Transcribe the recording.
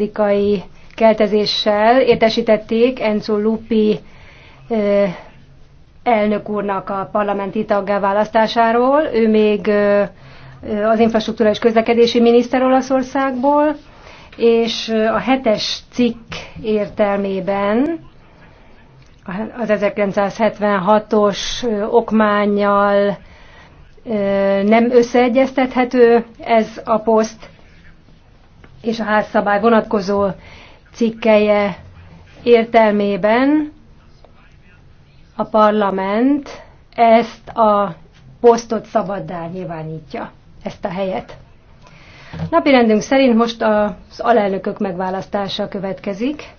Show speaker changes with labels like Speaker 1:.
Speaker 1: republikai keltezéssel értesítették Enzo Lupi elnök úrnak a parlamenti taggá választásáról. Ő még az infrastruktúra és közlekedési miniszter Olaszországból, és a hetes cikk értelmében az 1976-os okmányjal nem összeegyeztethető ez a poszt, és a házszabály vonatkozó cikkeje értelmében a parlament ezt a posztot szabaddá nyilvánítja, ezt a helyet. Napirendünk szerint most az alelnökök megválasztása következik.